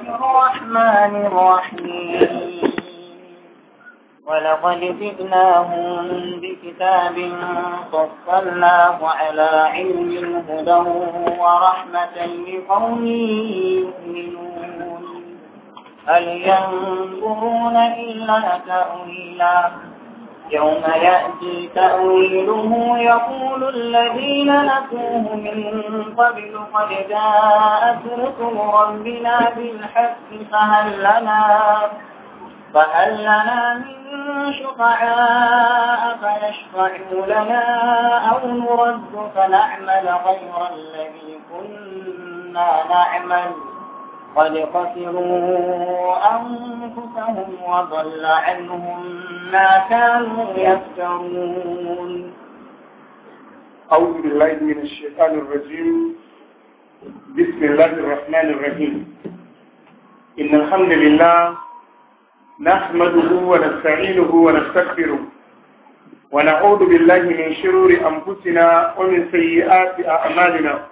الرحمن الرحيم ولقد جئناهم بكتاب فصلناه على علم هدى ورحمة لقوم يؤمنون هل ينظرون إلا تأويله يوم يأتي تأويله يقول الذين نسوه من قبل قد جاءت رسل ربنا بالحق فهل لنا فهل لنا من شفعاء فيشفعوا لنا أو نرد فنعمل غير الذي كنا نعمل قد خسروا أنفسهم وضل عنهم ما كانوا يفترون أعوذ بالله من الشيطان الرجيم بسم الله الرحمن الرحيم إن الحمد لله نحمده ونستعينه ونستغفره ونعوذ بالله من شرور أنفسنا ومن سيئات أعمالنا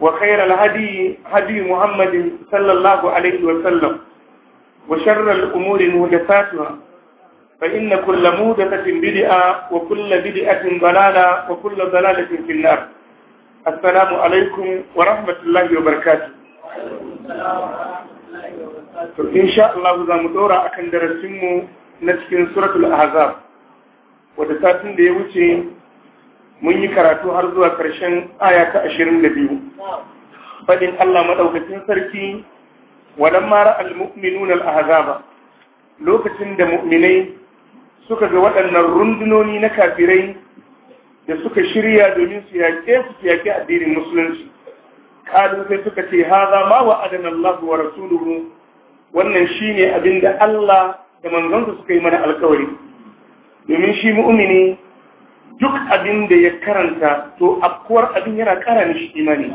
وخير الهدي هدي محمد صلى الله عليه وسلم وشر الأمور مهدساتها فإن كل مهدسة بدعة وكل بدعة ضلالة وكل ضلالة في النار السلام عليكم ورحمة الله وبركاته to insha Allah za mu dora akan darasinmu na cikin suratul ahzab wanda satin da ya wuce mun yi karatu har zuwa ƙarshen aya ta ashirin da biyu faɗin Allah maɗaukacin sarki wadan mara al-mu'minun al-ahzaba lokacin da mu'minai suka ga waɗannan rundunoni na kafirai da suka shirya domin su yaƙe su yaƙe addinin musulunci kalu sai suka ce haza ma wa adana Allah wa rasuluhu wannan shine abin da Allah da manzonsa suka yi mana alƙawari domin shi mu'mini duk abin da ya karanta to afkuwar abin yana kara mishi imani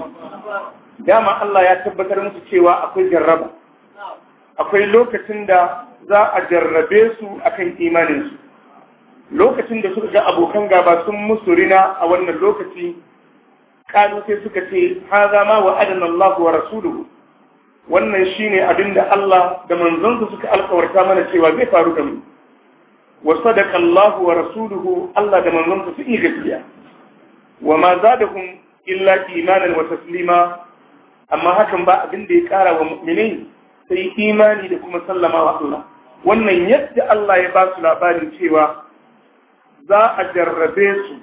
dama Allah ya tabbatar musu cewa akwai jarraba akwai lokacin da za a jarrabe su akan imaninsu lokacin da suka ga abokan gaba sun musu rina a wannan lokaci kanu sai suka ce haza ma wa adana Allah wa rasuluhu wannan shine abin da Allah da Manzonsu suka alƙawarta mana cewa zai faru da mu wa sadaka Allah wa rasuluhu Allah da manzon su yi gaskiya wa ma zadahum illa imanan wa taslima amma hakan ba abin da ya kara wa mu'minai sai imani da kuma sallama wa Allah wannan yadda Allah ya ba su labarin cewa za a jarrabe su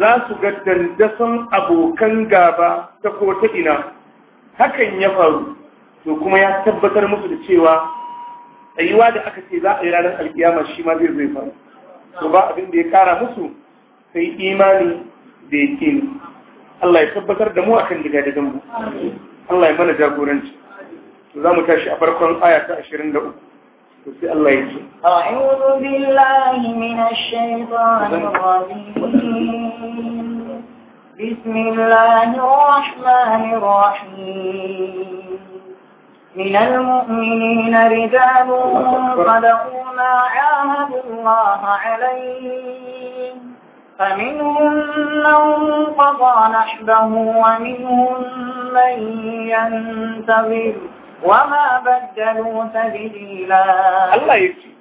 za su ga dandasan abokan gaba ta ko ta ina hakan ya faru to kuma ya tabbatar musu da cewa tsayiwa da aka ce za a yi ranar alkiyama shi ma zai zai faru to ba abin da ya kara musu sai imani da ya ke Allah ya tabbatar da mu akan daga daga mu Allah ya mana jagoranci to za mu tashi a farkon aya ta 23 to sai Allah ya ce a'udhu billahi minash shaitanir rajim bismillahir rahmanir rahim من المؤمنين رجال صدقوا ما عاهدوا الله عليه فمنهم من قضى نحبه ومنهم من ينتظر وما بدلوا تبديلا الله يكفي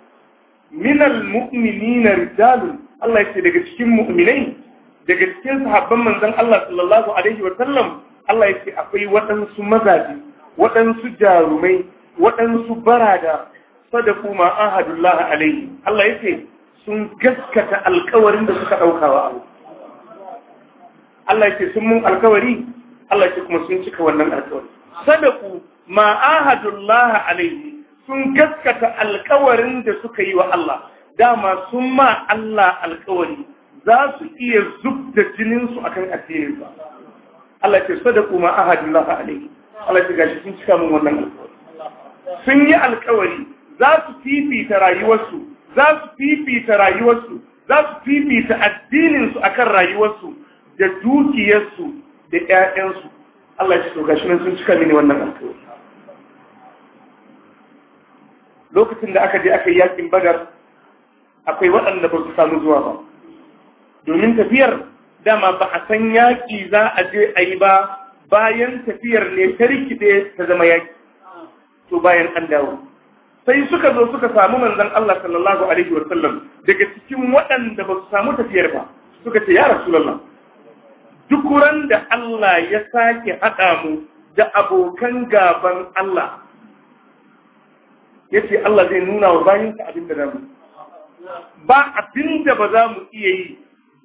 من المؤمنين رجال الله يكفي daga cikin mu'minai daga cikin sahabban manzon Allah sallallahu alaihi wa sallam Allah yake akwai waɗansu mazaje waɗansu jarumai waɗansu barada sadaku ma alaihi Allah ce sun gaskata alkawarin da suka ɗauka wa Allah ya ce sun mun alkawari Allah ce kuma sun cika wannan alkawari sadaku ma alaihi sun gaskata alkawarin da suka yi wa Allah dama sun ma Allah alkawari za su iya zub da jininsu akan addinin ba Allah yace sadaku ma ahadullah alaihi Allah ya gashi sun cika min wannan alƙawari sun yi alƙawari za su fifita rayuwarsu za su fifita rayuwarsu za su fifita addininsu akan rayuwarsu da dukiyarsu da 'ya'yansu. Allah ya to gashi sun cika mini wannan alƙawari lokacin da aka je aka yi yakin badar akwai waɗanda ba su samu zuwa ba domin tafiyar dama ba a san yaƙi za a je a yi ba bayan tafiyar ne ta rikide ta zama yaki to bayan an dawo sai suka zo suka samu manzon Allah sallallahu alaihi wa sallam daga cikin waɗanda ba su samu tafiyar ba suka ce ya rasulullah duk ran da Allah ya sake haɗa mu da abokan gaban Allah yace Allah zai nuna wa ka abin da mu. ba abin da ba za mu iya yi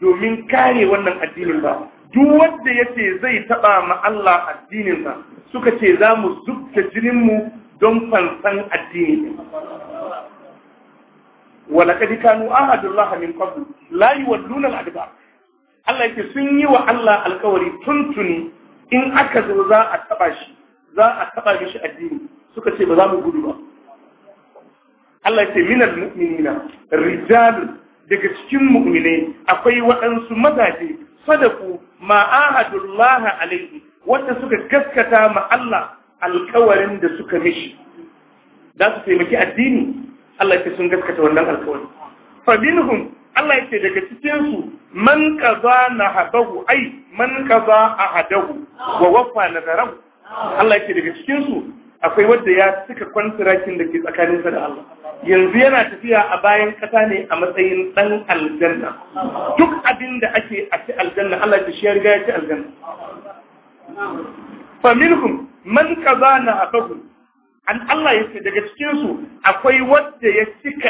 domin kare wannan addinin ba duk wanda yace zai taba ma Allah addininsa suka ce za mu zubta jininmu don fansan addini wala kadi kanu ahadullah min qabl la yuwalluna al-adbar Allah yake sun yi wa Allah alkawari tuntuni in aka zo za a taba shi za a taba shi addini suka ce ba za mu gudu ba Allah yake al mu'minina rijal daga cikin mu'mine akwai waɗansu mazaje sadaku ma ahadullah alaihi wanda suka gaskata ma Allah alkawarin da suka mishi za su taimaki addini Allah ya sun gaskata wannan alkawari fa minhum Allah ya ce daga cikin su man qaza nahabahu ai man qaza ahadahu wa wafa nadarahu Allah ya ce daga cikin su akwai wanda ya cika kwantarakin da ke tsakaninsa da Allah yanzu yana tafiya a bayan ƙasa ne a matsayin ɗan aljanna duk abin da ake a ci aljanna Allah ya riga ya ci aljanna fa minhum man qaza na an Allah ya daga cikin su akwai wanda ya cika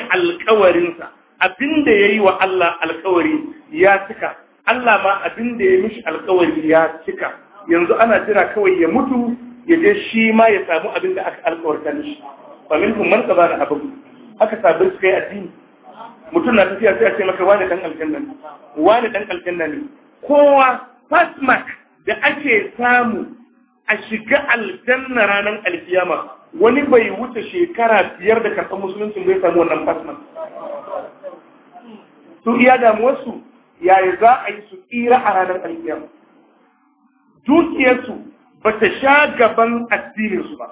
sa. abin da yayi wa Allah alkawari ya cika Allah ma abin da ya mishi alkawari ya cika yanzu ana jira kawai ya mutu ya je shi ma ya samu abin da aka alkawarta ne ba min kuma man ba da abin haka sabin suka yi addini mutum na tafiya sai a ce maka wani dan aljanna ne wani dan aljanna ne kowa fast mark da ake samu a shiga aljanna ranar alkiyama wani bai wuce shekara biyar da karɓar musulunci bai samu wannan fast mark su iya damuwarsu yaya za a yi su tsira a ranar alkiyama dukiyarsu ba ta sha gaban addininsu ba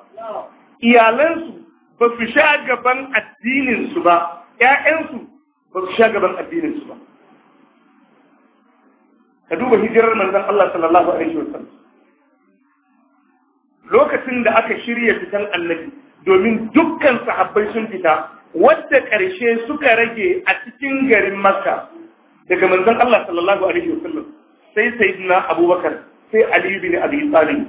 iyalansu ba su sha gaban addininsu ba ‘ya'yansu ba su sha gaban addininsu ba ka duba hijirar manzan Allah sallallahu alaihi wasallam lokacin da aka shirya fitan annabi domin dukkan sahabbai sun fita wadda ƙarshe suka rage a cikin garin Makka daga manzan Allah sallallahu alaihi wasallam sai sayyidina Abubakar sai Ali bin Abi Talib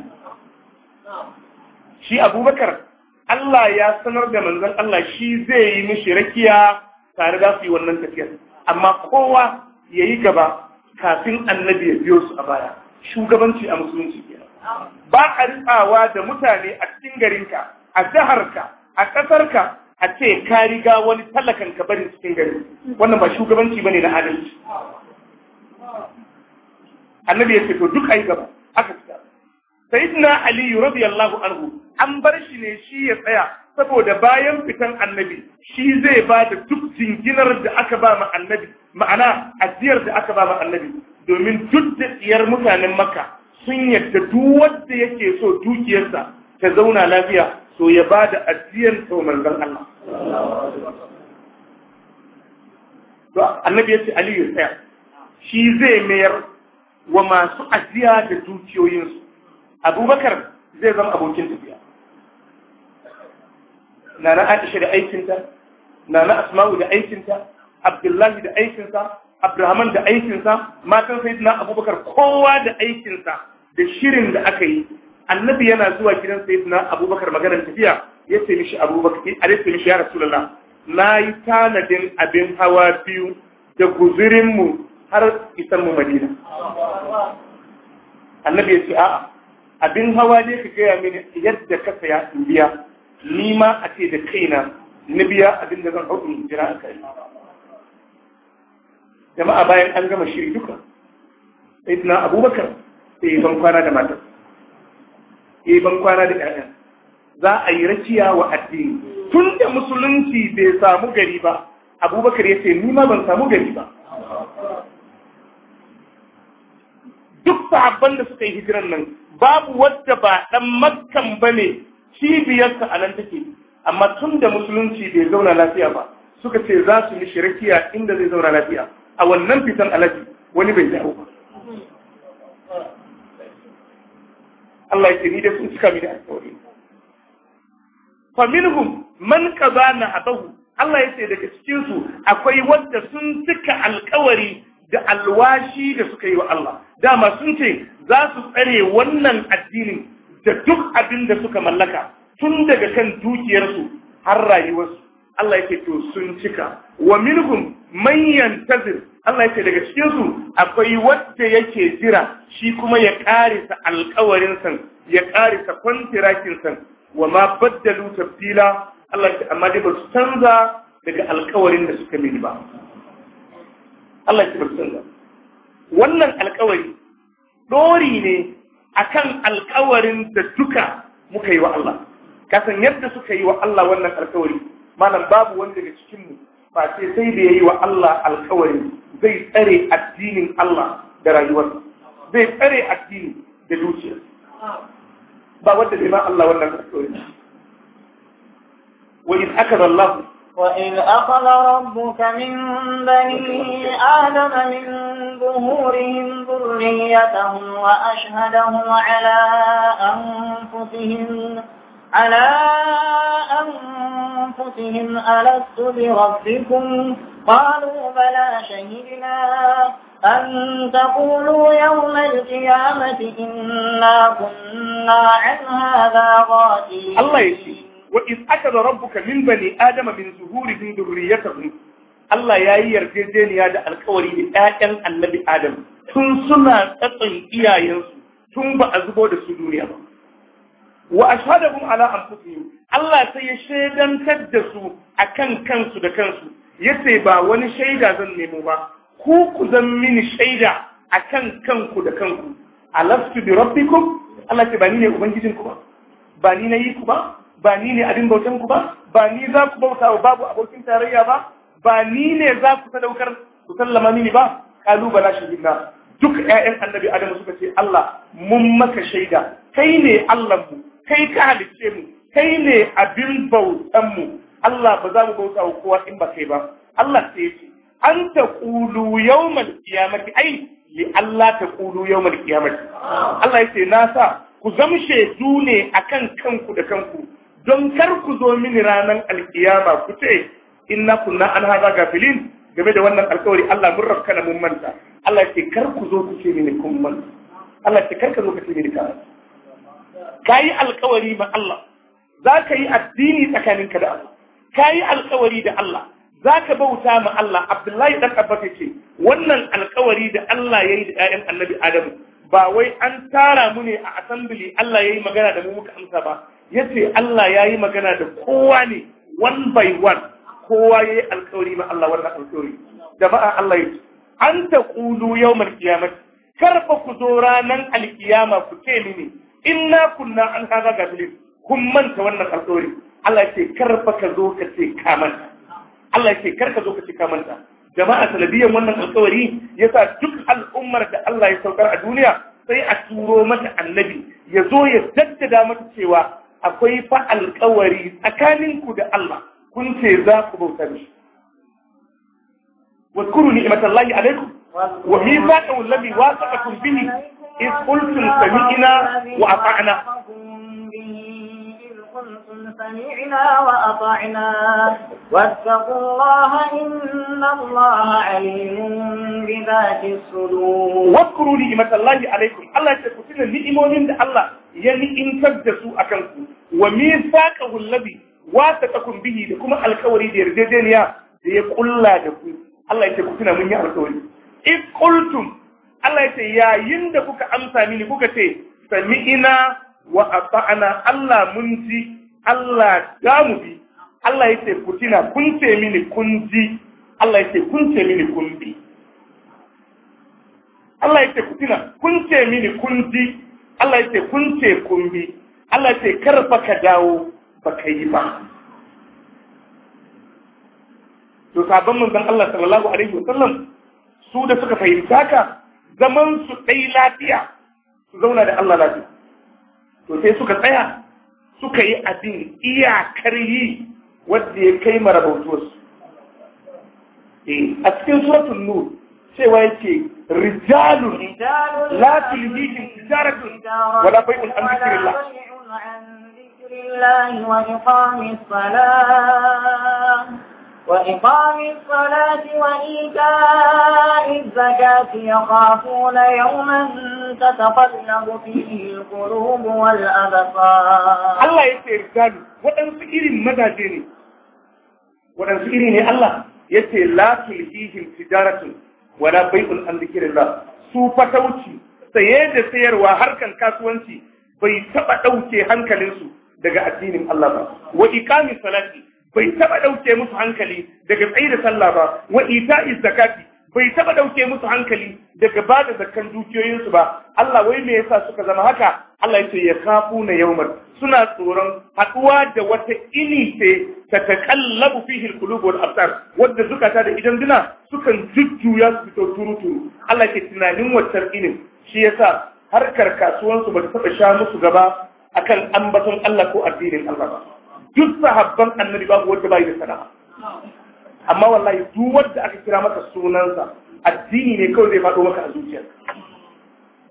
shi Abubakar Allah ya sanar da manzon Allah shi zai yi mishi rakiya tare da su yi wannan tafiyar amma kowa yayi gaba kafin annabi ya biyo su a baya shugabanci a musulunci kenan ba a riƙawa da mutane a cikin garinka a jiharka a ƙasarka a ce ka riga wani talakan ka bari cikin gari wannan ba shugabanci bane na adalci annabi ya ce to duk ayi gaba aka fita sayyidina ali radiyallahu anhu an bar shi ne shi ya tsaya saboda bayan fitan annabi shi zai ba da duk jinginar da aka ba ma annabi ma'ana ajiyar da aka ba ma annabi domin duk da tsiyar mutanen makka sun yadda duk wanda yake so dukiyarsa ta zauna lafiya to ya ba da ajiyar sau manzon Allah. annabi ya ce Aliyu tsaya shi zai mayar wa masu ajiya da dukiyoyinsu abubakar zai zama abokin tafiya na na aisha da aikinta na na asma'u da aikinta abdullahi da aikinsa abrahaman da aikinsa matan na abubakar kowa da aikinsa da shirin da aka yi annabi yana zuwa gidan na abubakar maganar tafiya ya ce mishi abubakar a dai ce mishi ya rasulallah na yi tanadin abin hawa biyu da guzurinmu har isan mu madina annabi ya ce a'a abin hawa ne ka gaya mini yadda ka saya in biya ni ma a ce da kaina na biya abin da zan hau in jira a kai jama'a bayan an gama shiri duka sai na abubakar sai ban kwana da matar sai ban kwana da ƴaƴa za a yi rakiya wa addini tun da musulunci bai samu gari ba abubakar ya ce ni ma ban samu gari ba sahabban da suka yi hijiran nan babu wadda ba dan makkan ba ne cibiyarsa a nan take amma tun da musulunci bai zauna lafiya ba suka ce za su yi rakiya inda zai zauna lafiya a wannan fitan alaji wani bai dawo ba Allah ya ce ni da sun cika mini alƙawari fa minhum man qaza na abahu Allah ya ce daga cikin su akwai wanda sun cika alƙawari da alwashi da suka yi wa Allah dama sun ce za su tsare wannan addinin da duk abin da suka mallaka tun daga kan dukiyarsu har rayuwarsu Allah yake to sun cika wa minhum man yantazir Allah yake daga cikin su akwai wanda yake jira shi kuma ya karisa alƙawarin san ya karisa kwantirakin san wa ma baddalu tabdila Allah yake amma dai ba su canza daga alƙawarin da suka mini ba Allah yake ba su canza wannan alkawari dori ne akan alkawarin da duka muka yi wa Allah kasan yadda suka yi wa Allah wannan alkawari malam babu wanda daga cikin mu ba sai sai da yayi wa Allah alkawari zai tsare addinin Allah da rayuwarsa zai tsare addini da dukiya ba wanda bai ma Allah wannan alkawari wa in akada Allah وإذ أخذ ربك من بني آدم من ظهورهم ذريتهم وأشهدهم على أنفسهم على أنفسهم ألست بربكم قالوا بلى شهدنا أن تقولوا يوم القيامة إنا كنا عن هذا غافلين الله يسير wa aka akaza rabbuka min bani adama min zuhurihim dhurriyyatahum Allah ya yi yarjejeniya da alkawari da ‘ya'yan annabi Adam tun suna tsatson iyayensu tun ba a zubo da su duniya ba. Wa a shaɗabin ala amfusihim Allah sai ya shaidantar da su a kan kansu da kansu, ya ce ba wani shaida zan nemo ba, ku ku zan mini shaida a kan kanku da kanku. Alastu bi rabbikum Allah ce ba ni ne ba, ba ni na yi ku ba, ba ni ne abin bautan ku ba ba ni za ku bauta wa babu abokin tarayya ba ba ni ne za ku sadaukar ku sallama mini ba kalu bala shahidna duk ƴaƴan annabi adamu suka ce Allah mun maka shaida kai ne Allah mu kai ka halicce mu kai ne abin bautan mu Allah ba za mu bauta wa kowa in ba kai ba Allah sai ya ce an taqulu yawmal qiyamati ai li Allah taqulu yawmal qiyamati Allah yace na sa ku zamshe ne akan kanku da kanku don kar ku zo mini ranar alkiyama ku ce inna kunna an haza gafilin game da wannan alkawari Allah mun rafka da mun manta Allah ce kar ku zo ku ce mini kun manta Allah ce kar ka zo ka ce mini ka kayi alkawari ma Allah za ka yi addini tsakaninka da Allah kayi alkawari da Allah za ka bauta ma Allah Abdullahi dan Abbas ce wannan alkawari da Allah ya yi da ƴaƴan Annabi Adamu ba wai an tara mu ne a assembly Allah ya yi magana da mu muka amsa ba Yace Allah ya yi magana da kowa ne one by one kowa ya yi alkawari ma Allah wannan alkawari jama'a Allah ya ce an ta kulu yau mai karfa ku zo ranar alkiyama ku ce mini inna kunna an haza ga kun manta wannan alkawari Allah ya ce karfa ka zo ka ce ka Allah ya ce kar ka zo ka ce ka manta jama'a talabiyan wannan alkawari yasa duk al'ummar da Allah ya saukar a duniya sai a turo mata annabi ya zo ya jaddada mata cewa akwai fa alkawari tsakaninku da Allah kun ce za ku bauta mishi. Wadkuru ni imatan wa mi za ka wallabi wa saka kun bini is kultun sami'ina wa wa ata'ana. واتقوا الله إن الله عليم بذات الصدور واذكروا نعمة الله عليكم الله تكتنا نعمة الله يعني إن تبدسوا أكلكم وميثاقه الذي واتقكم به لكم الكوري دي رجدينيا دي قل لا دكم الله يتكتنا من يعرفوني إذ قلتم الله يتي يا يندكك أمسى مني بكتي سمعنا وأطعنا الله منتي الله دامبي Allah yake ce kutina kun ce mini kun ji Allah yake kun ce mini kun bi Allah yake ce kutina kun ce mini kun ji Allah yake kun ce kun bi Allah yake kar fa ka dawo baka yi ba to sabon manzon Allah sallallahu alaihi wasallam su da suka fahimta ka zaman su dai lafiya su zauna da Allah lafiya to sai suka tsaya suka yi abin iyakar yi wadda ya kai Bautos, eh, A cikin suratun nur cewa yake rijalun latin hikin tijaratun wadda bai an zikirin la. وإقام الصلاة وإيتاء الزكاة يخافون يوما تتقلب فيه القلوب والأبصار الله يسير كان وتنسكير المدى جيني waɗansu iri ne Allah ya ce la tulhihim tijaratun wala bai'un an dhikrillah su fatauci saye da sayarwa harkan kasuwanci bai taba ɗauke hankalinsu daga addinin Allah ba wa iqamis salati bai taɓa ɗauke musu hankali daga saida sallah ba wa ita'iz zakati bai taɓa ɗauke musu hankali daga ba da zakkan dukiyoyinsu ba Allah wai me yasa suka zama haka Allah ya kafu na yawmar suna tsoron haɗuwa da wata ini ce ta takallabu fihi alqulub wal absar Wadda zukata da idan duna sukan jujjuya su fito turu turu Allah yace tunanin wancan inin shi yasa harkar kasuwansu ba ta taba sha musu gaba akan ambaton Allah ko addinin Allah ba duk sahabban annabi babu wanda bai da sana'a amma wallahi duk wanda aka kira maka sunansa addini ne kawai zai faɗo maka a zuciyarka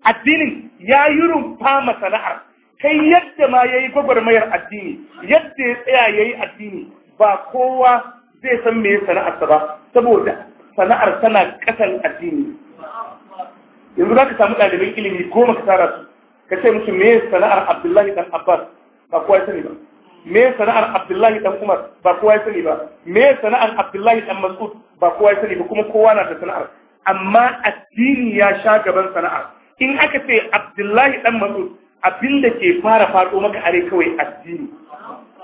addinin ya yi rumfa ma sana'ar kai yadda ma ya yi gwagwarmayar addini yadda ya tsaya ya yi addini ba kowa zai san me sana'arsa ba saboda sana'ar tana kasan addini yanzu za ka samu ɗaliban ilimi goma ka tara su ka ce musu me sana'ar abdullahi dan abbas ba kowa ya sani ba me sana'ar abdullahi dan umar ba kowa ya sani ba me sana'ar abdullahi dan mas'ud ba kowa ya sani ba kuma kowa na da sana'ar amma addini ya sha gaban sana'ar in aka ce abdullahi dan mas'ud abinda ke fara fado maka are kawai addini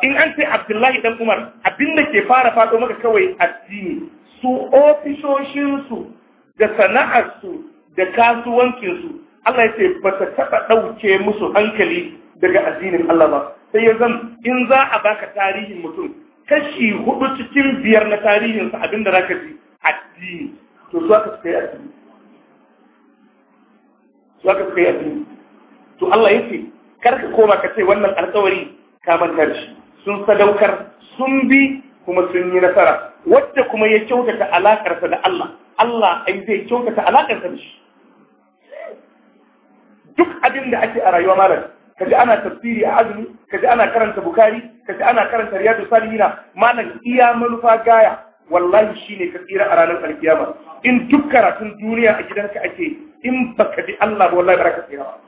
in an ce abdullahi dan umar abinda ke fara fado maka kawai addini su ofisoshinsu da sana'arsu da kasuwancinsu Allah ya ce ba ta taɓa ɗauke musu hankali daga addinin Allah ba sai ya zan in za a baka tarihin mutum kashi hudu cikin biyar na tarihinsa abinda za ka ji addini to su aka addini za ka kai addini to Allah ya ce kar ka koma ka ce wannan alƙawari ka manta da shi sun sadaukar sun bi kuma sun yi nasara wadda kuma ya kyautata alaƙarsa da Allah Allah ai zai kyautata alaƙarsa da shi duk abin da ake a rayuwa malam kaji ana tafsiri a azumi kaji ana karanta bukari kaji ana karanta riyadu salihina malam iya manufa gaya wallahi shi ne ka tsira a ranar alkiyama in duk karatun duniya a gidanka ake in ba ka bi Allah ba wallahi ka tsira ba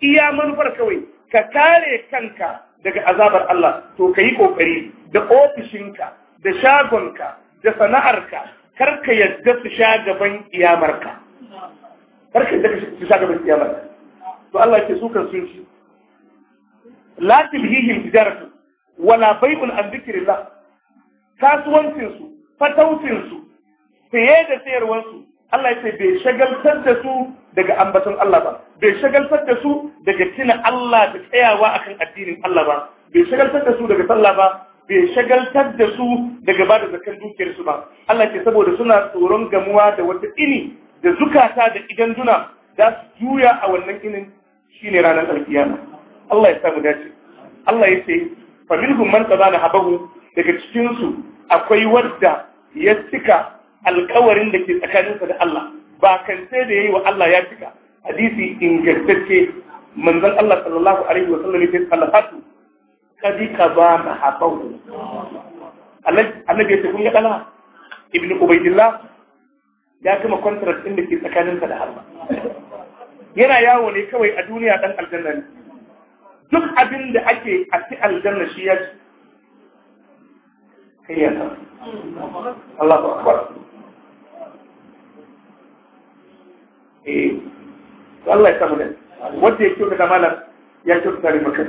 iya manufar kawai ka kare kanka daga azabar Allah to ka yi kokari da ofishinka da shagonka da sana'arka kar ka yadda su sha gaban iyamarka kar ka yadda su sha gaban iyamarka to Allah ke su kan sun shi la tilhihim tijaratu wala bai'un an zikrillah Kasuwancinsu, su fatautin saye da sayarwansu Allah ya ce bai shagaltar da su daga ambaton Allah ba bai shagaltar da su daga tuna Allah da tsayawa akan addinin Allah ba bai shagaltar da su daga sallah ba bai shagaltar da su daga bada da zakan dukiyar su ba Allah ce saboda suna tsoron gamuwa da wata ini da zukata da idan duna za su juya a wannan inin shine ranar alkiyama Allah ya samu dace Allah ya ce fa minhum man qadana habahu daga cikin su akwai wanda ya cika alkawarin da ke tsakaninsa da Allah ba kan sai da yayi wa Allah ya cika hadisi ingantacce manzon Allah sallallahu alaihi wa sallam yake salatu kadi qadana habahu annabi ya ce kun ga dala ibnu ubaydillah ya kuma contract din da ke tsakaninsa da Allah yana yawo ne kawai a duniya dan aljanna ne duk abin da ake a ci aljanna shi ya ci kai ya Allah ba akbar eh Allah ya samu da wanda ya kyauta da malam ya kyauta da maka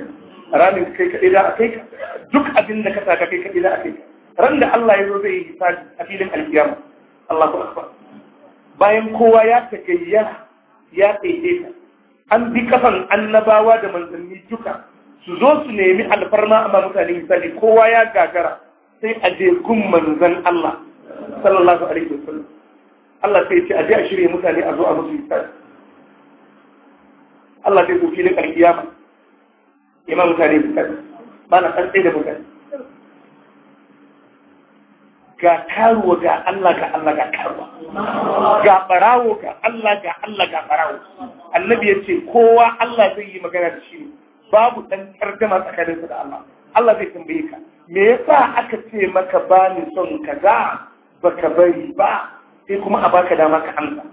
ranin kai kaɗai da a duk abin da ka saka kai kaɗai da a ran da Allah ya zo zai yi hisabi a filin alkiyama Allah ku akbar bayan kowa ya tagayyara ya tsaye ta an bi kafan annabawa da manzanni duka su zo su nemi alfarma amma mutane misali kowa ya gagara sai a je gun manzan Allah sallallahu alaihi wasallam Allah sai ce a je a shirye mutane a zo a musu misali Allah sai zo filin alkiyama imam mutane misali ba na san da mutane ga taruwa ga Allah ga Allah ga taruwa. ga barawo ga Allah ga Allah ga barawo annabi ya ce kowa Allah zai yi magana da shi babu dan kardama tsakaninsa da Allah Allah zai tambaye ka me yasa aka ce maka ba ni son kaza baka bari ba sai kuma a baka dama ka amsa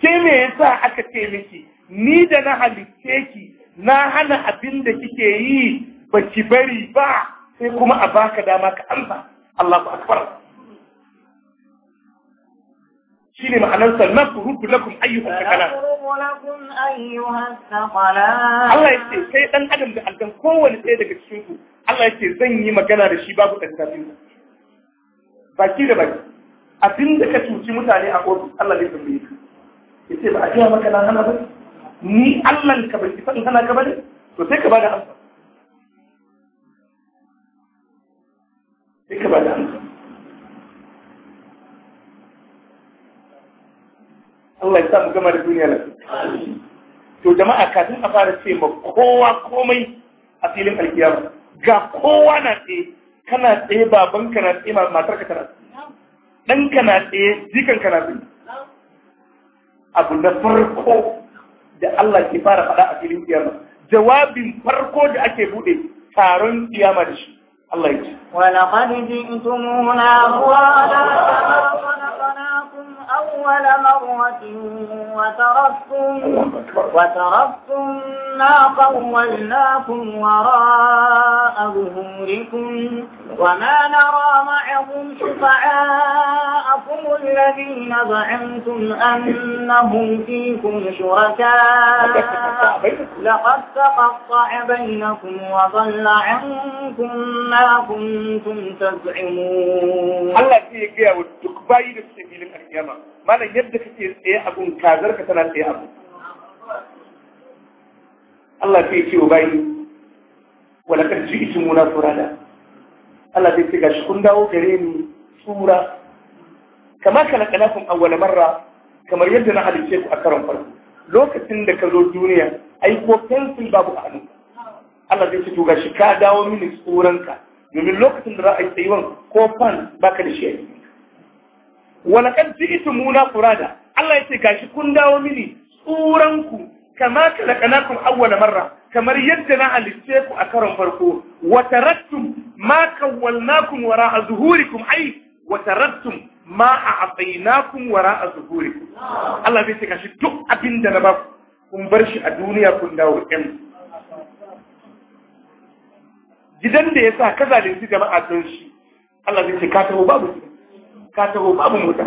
sai me yasa aka ce miki ni da na halitte ki na hana abin da kike yi baki bari ba sai kuma a baka dama ka amsa Allahu akbar shine ma'anar salman kurutu lakum ayyukan sakala Allah ya ce sai dan adam da aljan kowane ɗaya daga cikin ku Allah ya ce zan yi magana da shi babu tsakanin baki da baki abin da ka cuci mutane a ofis Allah ne tambaye ka ya ce ba a gaya maka na hana ba ni Allah ka bai isa in hana ka ba ne to sai ka bada amsa duka ba da amsa Allah ya sa mu gama da duniya na to jama'a kafin a fara ce ma kowa komai a filin alkiyama ga kowa na tsaye kana tsaye babanka na tsaye matarka tana dan ɗanka na tsaye jikanka na tsaye abu na farko da Allah ke fara faɗa a filin kiyama jawabin farko da ake buɗe taron kiyama da shi Allah ya ce. Wala kadi ji in أول مرة وتركتم, وتركتم ما قولناكم وراء ظهوركم وما نرى معهم شفعاءكم الذين زعمتم أنهم فيكم شركاء لقد تقطع بينكم وضل عنكم ما كنتم تزعمون bayi da suke filin alkiyama malam yadda kake tsaye a gun kazar ka tana tsaye a gun Allah sai ce wa bayi wala kan ci isin muna furada Allah sai ce gashi kun dawo gare ni tsura kama kana kun awwala marra kamar yadda na halice ku a karon farko lokacin da ka zo duniya ai ko pencil babu a hannu Allah zai ce to gashi ka dawo mini tsoronka domin lokacin da za a yi tsayuwan ko fan baka da shi a kan walaƙar ji'tumuna furada Allah ya ce gashi kun dawo mini tsuranku kama ka kalaqnakum awwala marra kamar yadda na halicce ku a karon farko wa tarattum ma kawwalnakum wara'a zuhurikum ai wa tarattum ma a'tainakum wara'a zuhurikum Allah bai ce gashi duk abinda na ba ku kun bar shi a duniya kun dawo ɗan gidan da ya sa ka zalunci jama'a don shi Allah bai ce ka taho babu ka taho babu mota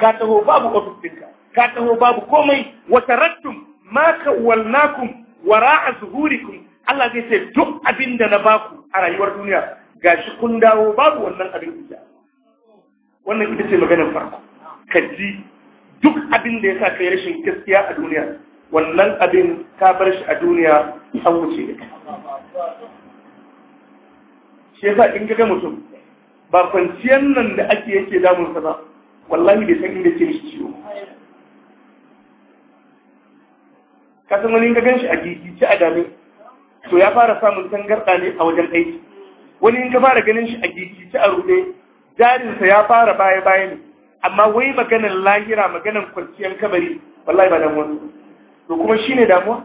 ka taho babu ofis ɗinka ka taho babu komai wata tarattum ma ka walnakum wara a zuhurikum Allah zai ce duk abin da na baku a rayuwar duniya gashi kun dawo babu wannan abin da wannan ita ce maganar farko Kaji duk abin da ya sa kai rashin gaskiya a duniya wannan abin ka bar shi a duniya an wuce da shi yasa in ga mutum ba kwanciyar nan da ake yake damunsa ba wallahi bai san inda ke shi ciwo ka san wani ga ganshi a gigice a dame to ya fara samun tangarɗa ne a wajen aiki wani in ka fara ganin shi a gigice a rude jarinsa ya fara baya baya ne amma wai maganar lahira maganar kwanciyar kabari wallahi ba damuwa to kuma shine damuwa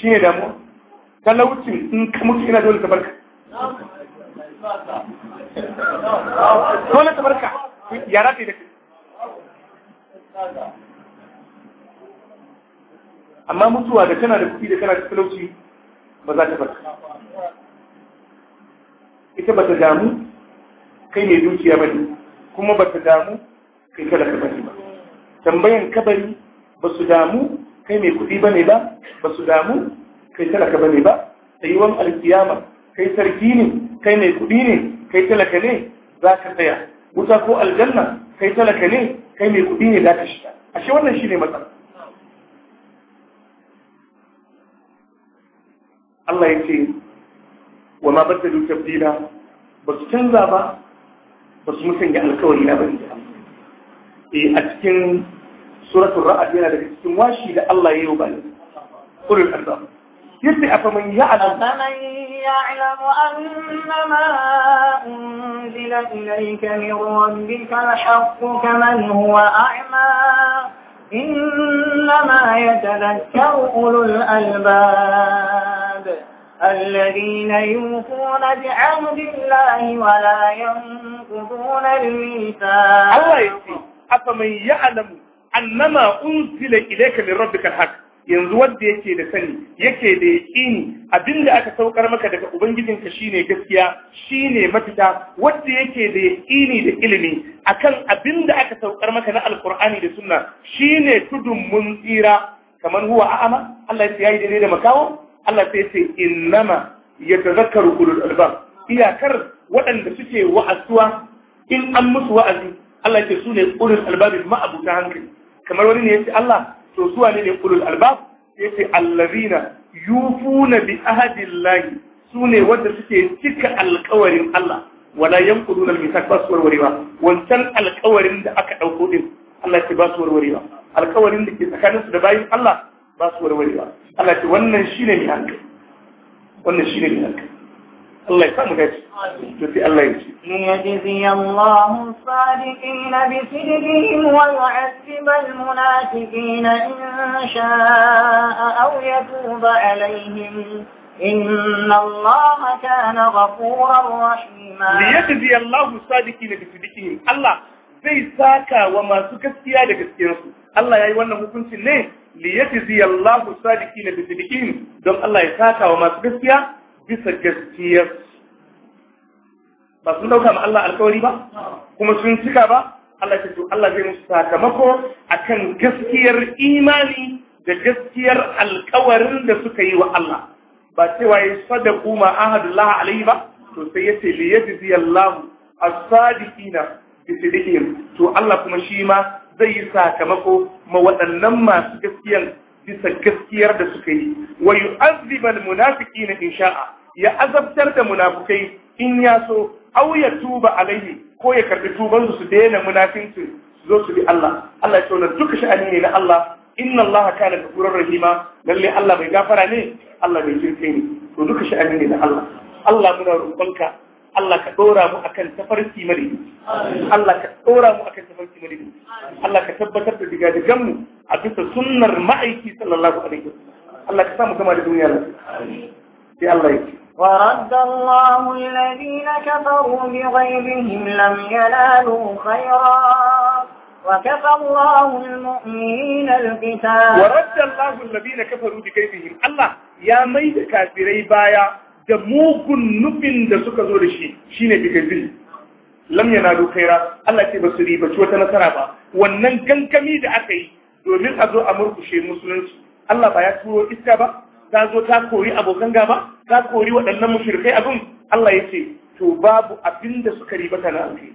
shine damuwa talaucin in ka mutu ina dole ka barka dole ta barka ya rafi da amma mutuwa da tana da kuɗi da tana da talauci ba za ta barka ita ba ta damu kai mai dukiya ba ne kuma ba ta damu kai kada ka bari ba tambayan kabari ba su damu kai mai kuɗi ba ne ba ba su damu kai talaka ba ne ba tsayuwan alkiyama kai sarki ne kai mai kuɗi ne kai talaka ne za ka tsaya wuta ko aljanna kai talaka ne kai mai kuɗi ne za ka shiga ashe wannan ne matsala Allah ya ce wa ma badalu ba su canza ba ba su musanya alkawari na bari eh a cikin suratul ra'd yana daga cikin washi da Allah ya yi wa ba qul يبقى فمن يعلم فمن يعلم أنما أنزل إليك من ربك الحق كمن هو أعمى إنما يتذكر أولو الألباب الذين يوفون بعهد الله ولا ينقضون الميثاق الله يسير أفمن يعلم أنما أنزل إليك من ربك الحق yanzu wanda yake da sani yake da yaƙini abinda aka saukar maka daga ubangijinka shine gaskiya shine mafita wadda yake da yaƙini da ilimi akan abinda aka saukar maka na alkur'ani da sunna shine tudun mun tsira kamar huwa a'ama Allah ya yi daidai da makawo Allah sai ce innama yatazakkaru ulul albab iyakar waɗanda suke wa'azuwa in an musu wa'azi Allah ya ce su ulul albab ma'abuta hankali kamar wani ne ya ce Allah to suwa ne ne ulul albab yace allazina yufuna bi ahadillahi sune wanda suke cika alƙawarin Allah wala yanqudun almithaq ba su warwarewa wancan alƙawarin da aka dauko din Allah ya ce ba su warwarewa alƙawarin da ke tsakaninsu da bayin Allah ba su warwarewa Allah ya ce wannan shine mai hankali wannan shine mai hankali Allah ya samu dace to sai Allah ya ci ni yadda zai Allah mu sadiki na bisidiki Allah zai zaka wa masu gaskiya da gaskiyarsu Allah ya yi wannan hukuncin ne liyati zai sadiki na bisidiki don Allah ya zaka wa masu gaskiya bisa gaskiyar ba sun dauka ma Allah alkawari ba kuma sun cika ba Allah ya to Allah zai musu sakamako akan gaskiyar imani da gaskiyar alkawarin da suka yi wa Allah ba cewa ya sadaku ma ahadullah alaihi ba to sai yace li yajzi Allah as-sadiqina bi sidqihim to Allah kuma shi ma zai yi sakamako ma waɗannan masu gaskiyan bisa gaskiyar da suka yi wa yu'azziba al-munafiqina in ya azabtar da munafukai in ya so aw ya tuba alaihi ko ya karbi tuban su daina munafinci su zo su bi Allah Allah ya tona duka sha'ani ne na Allah inna Allah kana ghafurur rahima lalle Allah bai gafara ne Allah bai jirke ne to duka sha'ani ne na Allah Allah muna roƙonka Allah ka ɗora mu akan tafarki madadi Allah ka ɗora mu akan tafarki madadi Allah ka tabbatar da digadigan mu a bisa sunnar ma'aiki sallallahu alaihi Allah ka samu gama da duniya sai Allah ya ce ورد الله الذين كفروا بغيظهم لم ينالوا خيرا وكفى الله المؤمنين القتال ورد الله الذين كفروا بغيظهم الله يا ميد كافري بايا da mugun nufin da suka zo da shi shine bigazil lam yana khaira Allah ce basu su ribaci wata nasara ba wannan gangami da aka yi domin a zo a murkushe musulunci Allah ba ya turo iska ba ta zo ta kori abokan gaba ta kori waɗannan mushrikai abin Allah ya ce to babu abin da suka ribata na alheri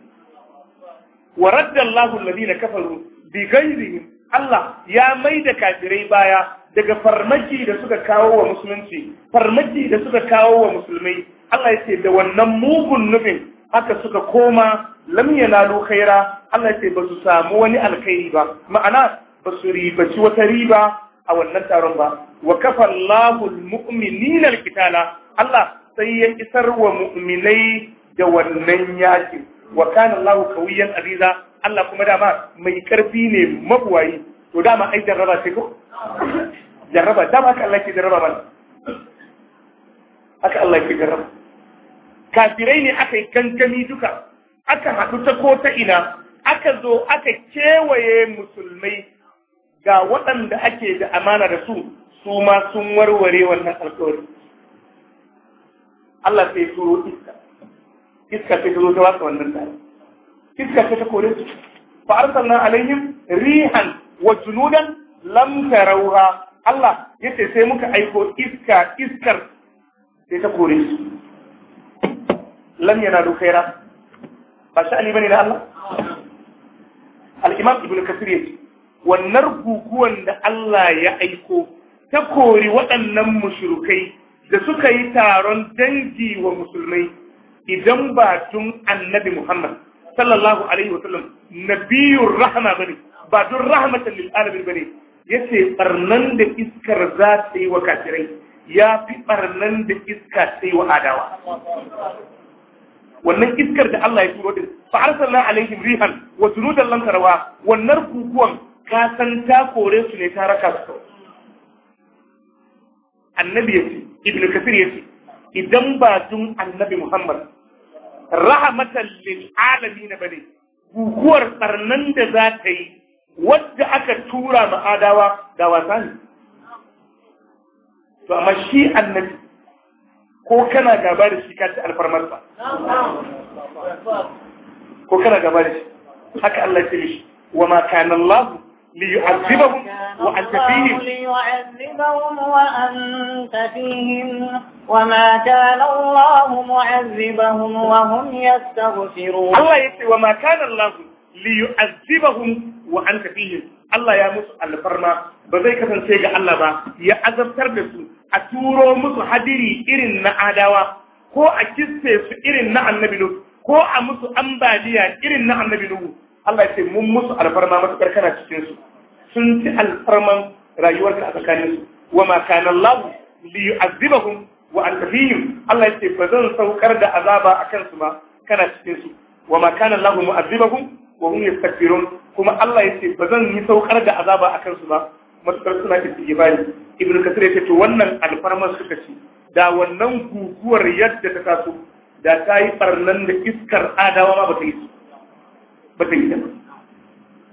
wa radda Allahu alladhina kafaru bi ghayrihim Allah ya maida kafirai baya daga farmaki da suka kawo wa musulunci farmaki da suka kawo wa musulmai Allah ya ce da wannan mugun nufin haka suka koma lam yanalu khaira Allah ya ce ba su samu wani alkhairi ba ma'ana ba su ribaci wata riba a wannan taron ba wa kafa Allahu almu'minina alqitala Allah sai ya isar wa mu'minai da wannan yaki wa kana Allahu kawiyan aziza Allah kuma dama mai karfi ne mabuwayi to dama ai jarraba ce ko jarraba dama haka Allah ke jarraba ba haka Allah ke jarraba kafirai ne aka yi kankami duka aka haɗu ta ko ta ina aka zo aka kewaye musulmai ga waɗanda ake da amana da su su ma sun warware wannan alkawari Allah sai turo iska iska sai ta zo ta wasa wannan dare iska sai ta kore su fa arsalna alaihim rihan wa junudan lam tarawha Allah ya ce sai muka aiko iska iskar sai ta kore su lam yana da khaira ba sha'ani bane na Allah al-imam ibnu kasir ce. wannan guguwan da Allah ya aiko ta kori waɗannan mushrikai da suka yi taron dangi wa musulmai idan ba tun annabi Muhammad sallallahu alaihi wa sallam nabiyur rahma bane ba tun rahmatan lil alamin bane ya ce barnan da iskar za ta yi wa kafirai ya fi barnan da iska ta yi wa adawa wannan iskar da Allah ya turo din fa arsalna alaihim rihan wa junudan lam tarwa wannan kukuwan ka san ta kore su ne ta raka su annabi yace ibn ya yace idan ba dun annabi muhammad rahmatan lil alamin bane kukuwar barnan da za ta yi wadda aka tura ma adawa da wasa ne to amma shi annabi ko kana gaba da shi ka alfarmarsa ko kana gaba da shi haka Allah ya ce shi wa ma kana ليعذبهم وأنت فيهم ليعذبهم وأنت فيهم وما كان الله معذبهم وهم يستغفرون الله يقول وما كان الله ليعذبهم wa an tafihim Allah ya musu alfarma ba zai kasance ga Allah ba ya azabtar da su a turo musu hadiri irin na adawa ko a kisse su irin na annabi nuhu ko a musu ambaliya irin na annabi nuhu Allah ya ce mun musu alfarma matukar kana cikin su sun ci alfarman rayuwarka a tsakanin su wa ma kana Allah li yu'azzibahum wa anta fihim Allah ya ce ba zan saukar da azaba akan su ba kana cikin su wa ma kana Allah mu'azzibahum wa hum yastakbirun kuma Allah yace ba zan yi saukar da azaba akan su ba matukar suna istighfari ibnu kasir yace to wannan alfarma suka ci da wannan guguwar yadda ta taso da ta yi barnan da iskar adawa ma ba ta yi ba ta yi ba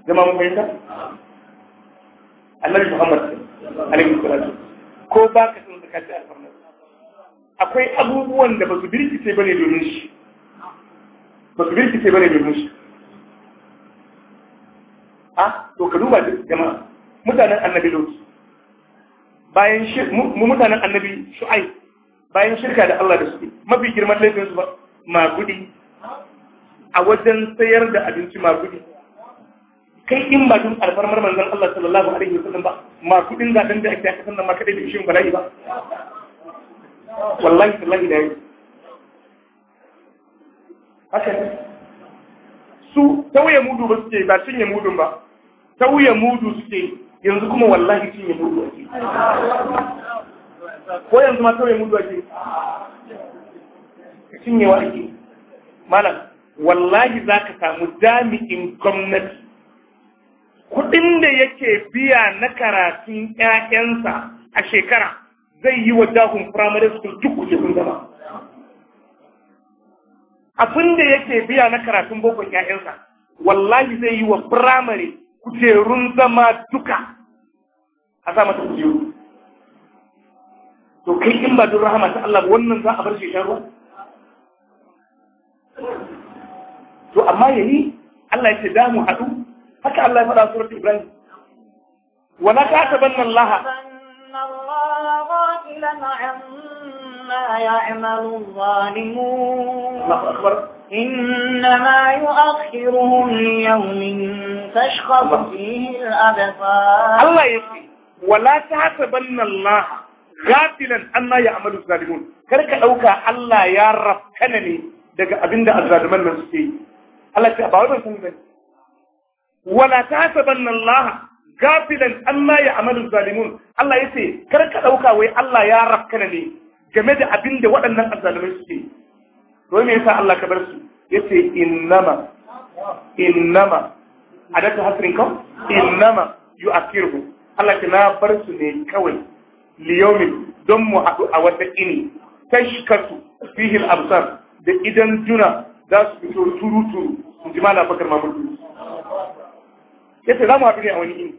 zama mun fahimta annabi muhammad alaihi salatu ko ba ka san kace alfarma akwai abubuwan da ba su birkice bane domin shi ba su birkice bane domin shi a to ka duba jama'a mutanen annabi lot bayan mu mutanen annabi shu'ai bayan shirka da Allah da suke mafi girman laifin su ba gudi a wajen sayar da abinci ma gudi kai in ba dun alfarmar manzon Allah sallallahu alaihi wasallam ba ma kudin zaben da ake kasan nan ma kada da ishin bala'i ba wallahi wallahi dai yi haka su tawaye mudu ba suke ba cinye mudun ba tauye mudu suke yanzu kuma wallahi cinye mudu ake ko yanzu ma tauye mudu ake wa ake malam wallahi za ka samu jami'in gwamnati kudin da yake biya na karatun 'ya'yansa a shekara zai yi wa dahun primary school duk kuke sun zama abin da yake biya na karatun bokon 'ya'yansa wallahi zai yi wa primary kujerun zama duka a sa mata kujeru to kai in ba don rahama ta Allah wannan za a bar shi ruwa to amma yayi Allah ya ce da mu haɗu haka Allah ya faɗa surat Ibrahim wala ka tabanna Allah Allahu akbar إنما يؤخرهم ليوم تشخص فيه الأبصار الله يسي ولا تحسبن الله غافلا عما يعمل الظالمون كرك أوكا الله يا رب كنني دقا أبند الظالمان من سكي الله تأبعوا من سنبين ولا تحسبن الله gafilan Allah ya amalu zalimun Allah ya ce kar ka ɗauka wai Allah ya rafkana ne game da abin da waɗannan azzalumai suke don me yasa Allah ka bar su yace innama innama adatu hasrin kan innama yu'akhiruhu Allah ta na bar su ne kawai liyomin don mu haɗu a wata ini tashkatu fihi al-absar da idan juna za su fito turu turu in ji mala bakar mamudu yace za mu haɗu ne a wani ini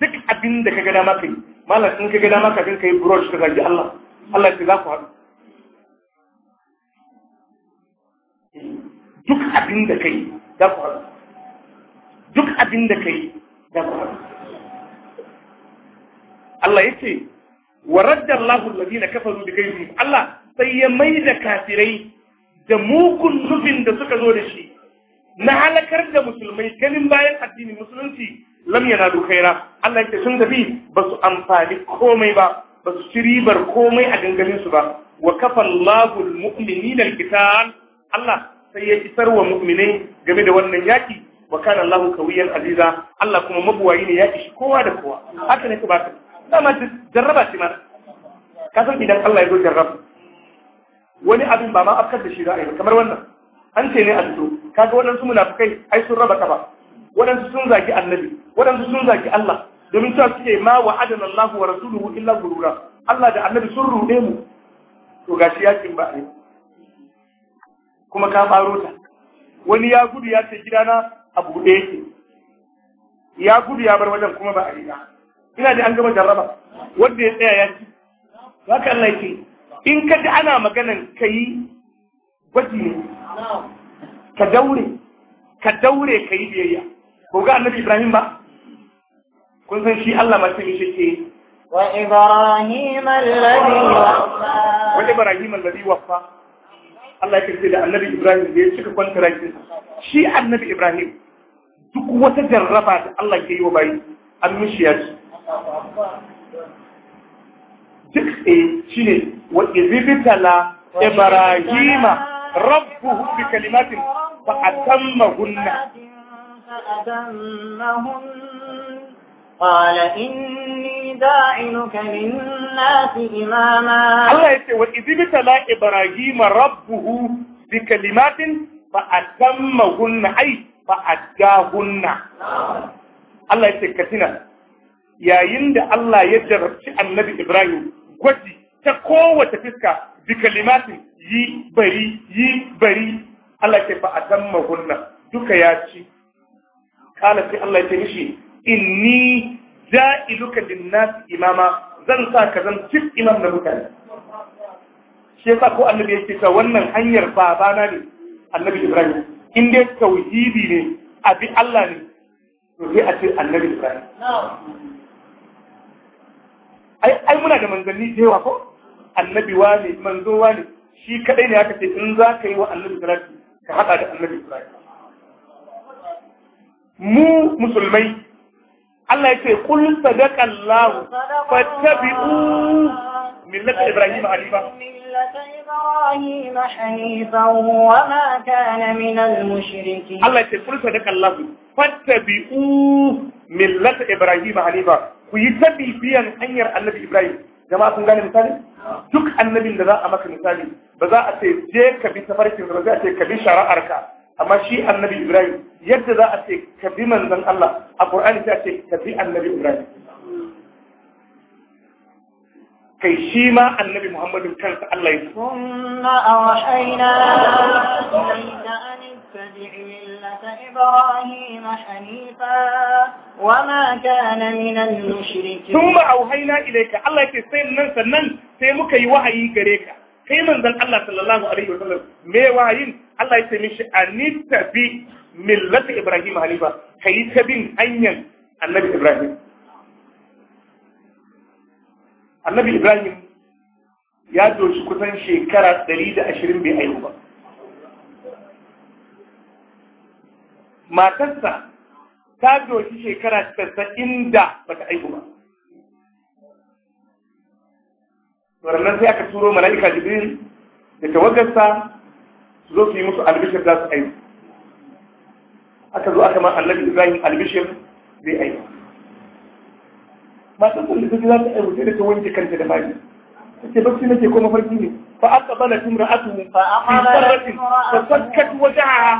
duk abin da ka ga dama kai malam in ka ga dama ka kai brush ka zagi Allah Allah ya ce za ku haɗu duk abin da kai da duk abin da kai da Allah ya ce wa raddar lahun ladina kafaru da kai Allah sai ya mai da kafirai da mugun nufin da suka zo da shi na halakar da musulmai ganin bayan addini musulunci lam yana khaira Allah ya ce sun tafi ba su amfani komai ba ba su ci ribar komai a gangamin su ba wa kafa Allahul mu'minina al Allah sai ya isar wa mu'minai game da wannan yaki wa kana Allah kawiyan aziza Allah kuma mabuwayi ne ya ishi kowa da kowa haka ne ka baka dama jarraba shi ma. ka san idan Allah ya zo jarraba wani abin ba ma afkar da shi za a yi kamar wannan an ce ne a fito kaga waɗansu munafukai ai sun raba kafa waɗansu sun zagi annabi waɗansu sun zagi Allah domin cewa suke ma wa adana Allah wa rasuluhu illa gurura Allah da annabi sun rude mu to gashi yakin ba ne kuma ka faro ta wani ya gudu ya ce gidana a buɗe yake ya gudu ya bar wajen kuma ba a riga ina da an gama jarraba wanda ya tsaya ya ci haka Allah yake in ka ji ana maganan ka yi gwaji ne ka daure ka daure ka yi biyayya ko ga annabi Ibrahim ba kun san shi Allah sai shi ke wa Ibrahim alladhi wafa wa Ibrahim alladhi wafa Allah ya da annabi Ibrahim da ya cika kwantarakin shi annabi Ibrahim duk wata jarraba da Allah ke yi wa bayi an mishi ya ci duk a eh, shi ne wa izibitala Ibrahima rabbu bi kalimatin fa atammahunna fa قال إني داعلك للناس إماما الله يقول وإذ ابتلى إبراهيم ربه بكلمات فأتمهن أي فأتاهن Allah ya ce katina tuna yayin da Allah ya jarabci annabi Ibrahim gwaji ta kowace fiska bi kalimatin yi bari yi bari Allah ya ce ba a san duka ya ci kala sai Allah ya ce mishi inni ja'iluka linnas imama zan sa ka zan cif imam na mutane shi yasa ko annabi yake cewa wannan hanyar babana ne annabi Ibrahim in dai tauhidi ne bi Allah ne to sai a ce annabi Ibrahim ai ai muna da manzanni da yawa ko annabi wa ne manzo ne, shi kadai ne aka ce in za ka yi wa annabi ibrahim ka hada da annabi Ibrahim mu musulmai Allah ya ce kul sadaqa Allah fattabi'u millata Ibrahim hanifa Allah ya ce kul sadaqa Allah fattabi'u millata Ibrahim hanifa ku yi tabi biyan hanyar Annabi Ibrahim jama'a kun gane misali duk annabin da za a maka misali ba za a ce je ka bi tafarkin ba za a ce ka bi shari'arka amma shi annabi ibrahim yadda za a ce kabi bi manzon Allah a qur'ani ta ce ka annabi ibrahim kai shi ma annabi Muhammadu kansa Allah ya sunna awhayna ilayka an tabi'i millata ibrahim hanifa wama kana min al-mushrikeen thumma awhayna ilayka Allah ya ce nan sannan sai muka yi wahayi gareka. kai manzon Allah sallallahu alaihi wa sallam me wayin Allah ya ce mishi anita bi millati ibrahim halifa kai ta bin hanyar annabi ibrahim annabi ibrahim ya doshi kusan shekara 120 bai aihu ba matarsa ta doshi shekara 90 da bata aihu ba nan sai aka turo mala'ika jibril da tawagarsa su zo su yi musu albishir za su aiki aka zo aka ma annabi ibrahim albishir zai aiki masu sun da za ta aiki da ta wanke kanta da mani take bacci nake ko mafarki ne fa aqbalat imra'atuhu fa aqbalat fa sakkat wajhaha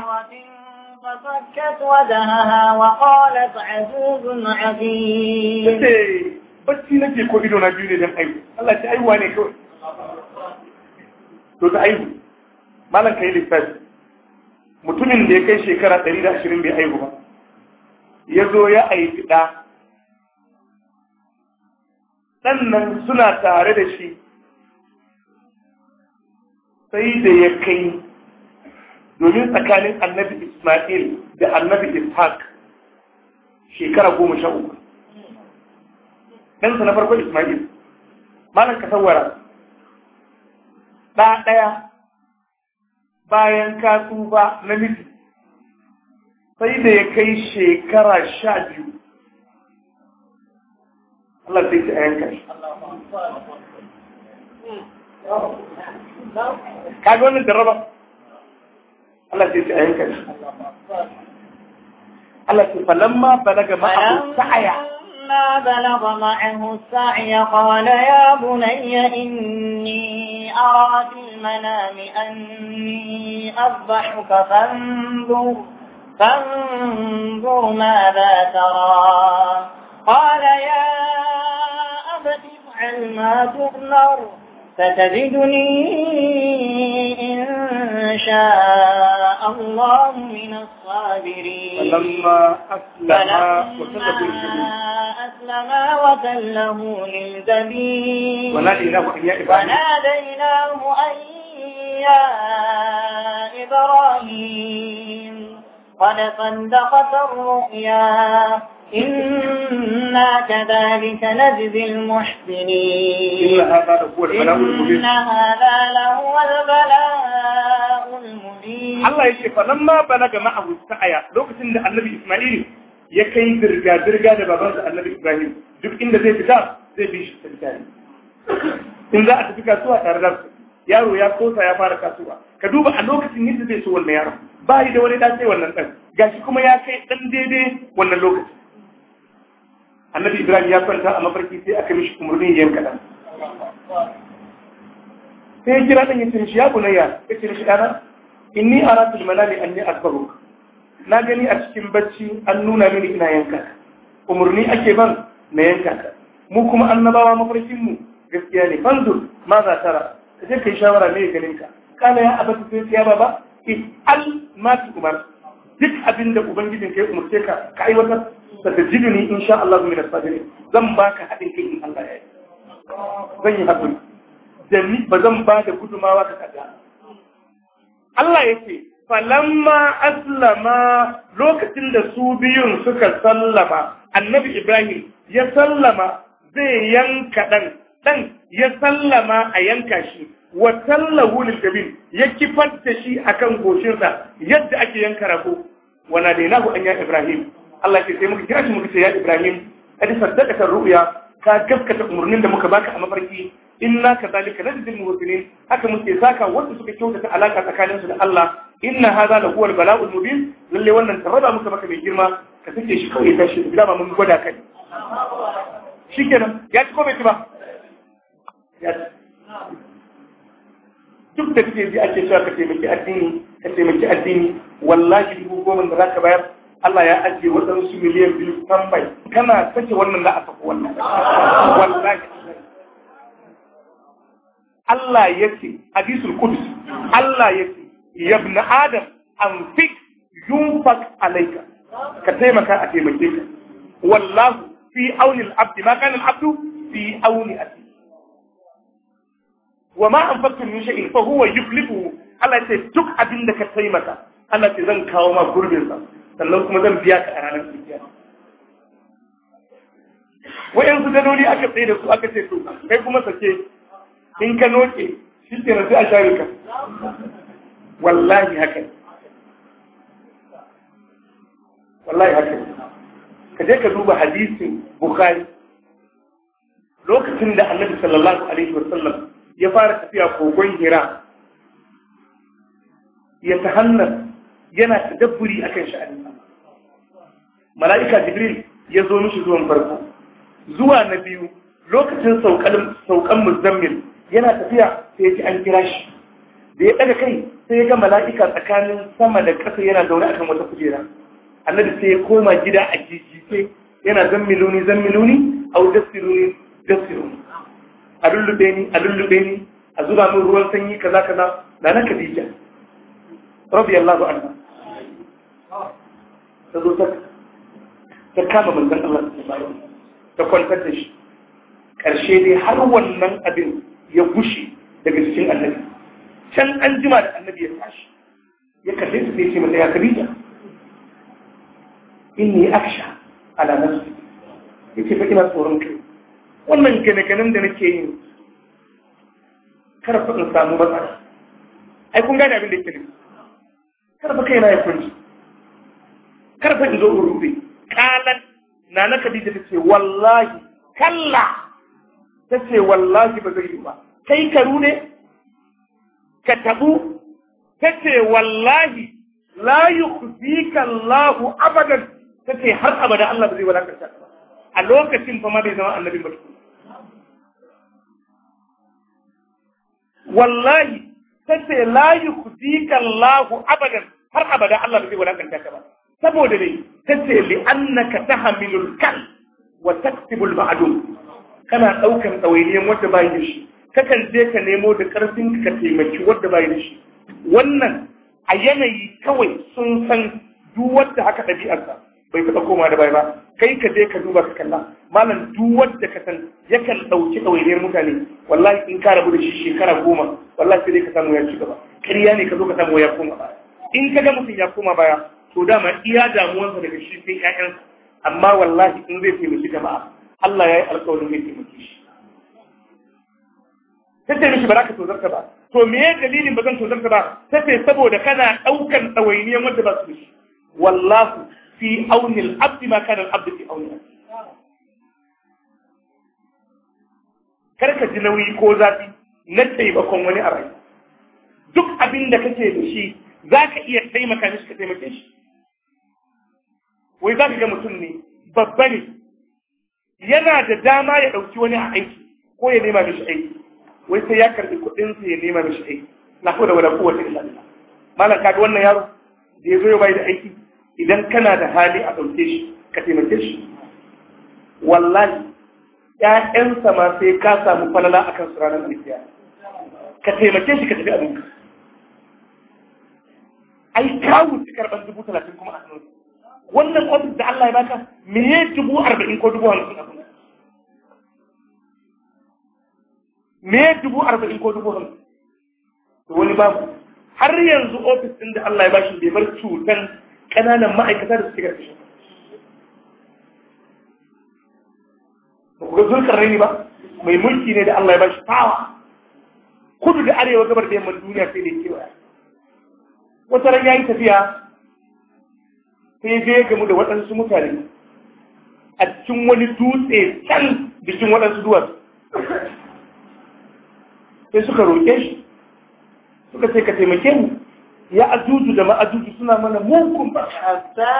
فصكت وجهها وقالت عزوز عظيم bacci nake ko ido na biyu ne don aihu Allah ce aihuwa ne kawai to ta aihu malam kai lissafi mutumin da ya kai shekara ɗari da ashirin bai aihu ba ya zo ya aiki ɗa sannan suna tare da shi sai da ya kai domin tsakanin annabi Ismail da annabi Ishaq shekara goma sha uku sa na farko Ismail malam ka sawara ɗa ɗaya bayan ka tuba namiji sai da ya kai shekara sha biyu Allah sai ta yanka shi ga wannan jarraba Allah ya ta yanka shi Allah sai falamma balaga ma'abu sa'aya فلما بلغ معه السعي قال يا بني إني أرى في المنام أني أضحك فانظر فانظر ماذا ترى قال يا أبت افعل ما تؤمر فتجدني إن شاء الله من الصابرين فلما أسلما وتله للذبيب وناديناه أن يا إبراهيم قد صدقت الرؤيا إنا كذلك نجزي المحسنين إن هذا لهو البلاء المبين الله a فلما بلغ Lokacin da لوكس Isma'il ya kai يكي درجا da لبابان النبي Ibrahim, duk inda zai fita zai bi shi tsirkani in za a tafi kasuwa tare da su yaro ya kosa ya fara kasuwa ka duba a lokacin yadda zai so wannan yaro ba yi da wani dan sai wannan dan gashi kuma ya kai dan daidai wannan lokacin annabi ibrahim ya kwanta a mafarki sai aka mishi umarnin ya kaɗan dan sai ya kira dan ya ce mishi ya bunayya ya ce mishi a inni aratul an anni akbaru na gani a cikin bacci an nuna mini ina yanka umarni ake ban na yanka mu kuma annabawa mafarkin mu gaskiya ne fanzur ma za tara ka je kai shawara ne ganin ka kana ya abata sai ya baba in al ma tu kumar. duk abin da ubangijin ya umarce ka ka aiwatar da tajiduni insha Allah min da sabirin zan baka hadin kai in Allah ya yi zan yi hakuri da ni ba zan ba da gudumawa ka kaga Allah ya ce falamma aslama lokacin da su biyun suka sallama annabi Ibrahim ya sallama zai yanka ɗan, dan ya sallama a yanka shi wa tallahu lil kabir ya kifar da shi akan sa yadda ake yanka rako wa nadainahu an ya ibrahim Allah ke sai muka kira shi muka ce ya ibrahim saddaka ru'ya ka gaskata umarnin da muka baka a mafarki inna kadhalika najzil muhsinin haka muke saka wanda suka kyautata alaka tsakanin su da Allah inna hadha la huwa al-bala'ul mubin lalle wannan taraba muka baka mai girma ka take shi kawai ta shi ba mun gwada kai shikenan ya ci ko bai ci ba ya ci duk da kake ji ake cewa ka taimaki addini ka taimaki addini wallahi dubu goma da zaka bayar Allah ya ajiye waɗansu miliyan biyu kan bai kana kace wannan da aka wannan wallahi Allah ya ce hadisul qudus Allah ya ce yabna adam anfik yunfak alayka ka taimaka a taimake ka wallahu fi auni al-abdi ma kana al-abdu fi auni al wa ma an fakta min shay'in fa huwa yuflihu Allah ce duk abin da ka taimaka Allah ce zan kawo ma gurbin sa sannan kuma zan biya ka a ranar kiyama wayansu daloli aka tsaye da su aka ce to kai kuma sake in ka noke shi ke sai a share ka wallahi haka wallahi haka ka je ka duba hadisin bukhari lokacin da annabi sallallahu alaihi wasallam ya fara tafiya kogon hira ya ta hannar yana ta dabburi a kan sha'anin mala'ika jibril ya zo mishi zuwan farko zuwa na biyu lokacin saukan muzammil yana tafiya sai ji an kira shi da ya ɗaga kai sai ya ga mala'ika tsakanin sama da ƙasa yana zaune akan wata kujera annabi sai ya koma gida a jijice yana zammiluni zammiluni au dasiruni dasiruni a lullube ni a lullube ni a zuba min ruwan sanyi kaza kaza da na kadija radiyallahu anha ta zo ta kama manzon Allah ta kwantar da shi karshe dai har wannan abin ya gushe daga cikin annabi can an jima da annabi ya tashi ya kalle su sai ce mata ya kadija inni aksha ala nafsi yace fa ina tsoron kai wannan ganaganin da nake yi kar fa in samu matsala ai kun gane abin da yake nufi kar fa na yi kunji kar fa in zo in rufe. kalan na na ta ce wallahi kalla ce wallahi ba zai yi ba kai karu ne ka tabu ce wallahi la yukhzika Allahu abadan ce har abada Allah ba zai walakanta ka ba a lokacin fa ma bai zama annabin ba tukun wallahi tace ku yukhzika Allahu abadan har abada Allah ba zai wadanta ka ba saboda ne tace li annaka tahmilul kal wa taktibul ma'dum kana daukan tsawainiyan wanda bai da shi kakan je ka nemo da karfin ka taimaki wanda bai da shi wannan a yanayi kawai sun san duk wanda haka ɗabi'arsa bai taɓa koma da bai ba kai ka je ka duba ka kalla malam duk wanda ka san yakan ɗauki ɗawainiyar mutane wallahi in ka rabu da shi shekara goma wallahi sai dai ka samu ya ci gaba ƙarya ne ka zo ka samu ya koma baya in ka ga mutum ya koma baya to dama iya damuwansa daga shi sai ƴaƴansa amma wallahi in zai taimaki jama'a Allah ya yi alƙawarin zai taimake shi sai ta mishi ba za ka tozarta ba to me ya dalilin ba zan tozarta ba sai saboda kana ɗaukan ɗawainiyar wanda ba su da shi wallahu fi aunil abdi ma kana abdi fi aunil kar ka ji nauyi ko zafi na taimakon wani a rai duk abin da kake da shi za ka iya taimaka mishi ka taimake shi wai za ka ga mutum ne babba ne yana da dama ya ɗauki wani a aiki ko ya nema mishi aiki wai sai ya karɓi kuɗin kuɗinsa ya nema mishi aiki na kowa da wadda kowace illa malam kaga wannan yaro da ya zo ya bai da aiki idan kana da hali a ɗauke shi ka taimake shi wallahi ƴaƴansa ma sai ka samu falala a kan ranar alkiya ka taimake shi ka tafi abinka ai kawo shi karɓar dubu talatin kuma a sanar wannan ofis da Allah ya baka me ya dubu arba'in ko dubu hamsin a kuma me ya dubu arba'in ko dubu hamsin wani babu har yanzu ofis ɗin da Allah ya bashi bai bar cutar ƙananan ma'aikata da suke ba ku ga zulkar ne ba mai mulki ne da Allah ya bashi fawa kudu da arewa gabar da yamman duniya sai da kewa wata ran yi tafiya sai je gamu da waɗansu mutane a cikin wani dutse can bikin waɗansu duwatsu sai suka roƙe shi suka sai ka taimake mu ya ajuju da ma'ajuju suna mana mugun ba hatta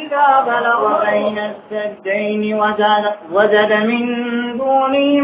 idza balagha bayna as-sajdayn wajada min